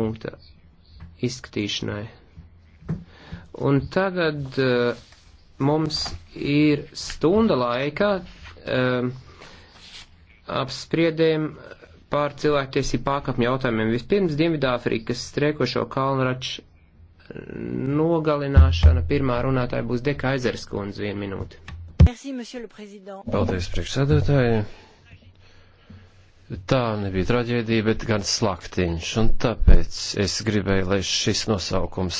punkta izskatīšanai. Un tagad uh, mums ir stunda laika uh, apspriedēm pār cilvēktiesību pārkāpumu jautājumiem. Vispirms Dienvidāfrikas streikošo kalnraču nogalināšana. Pirmā runātāja būs Deka Aizerskundze, vienu minūti. Merci, Paldies, priekšsēdētāji! tā nebija traģēdija, bet gan slaktiņš, un tāpēc es gribēju, lai šis nosaukums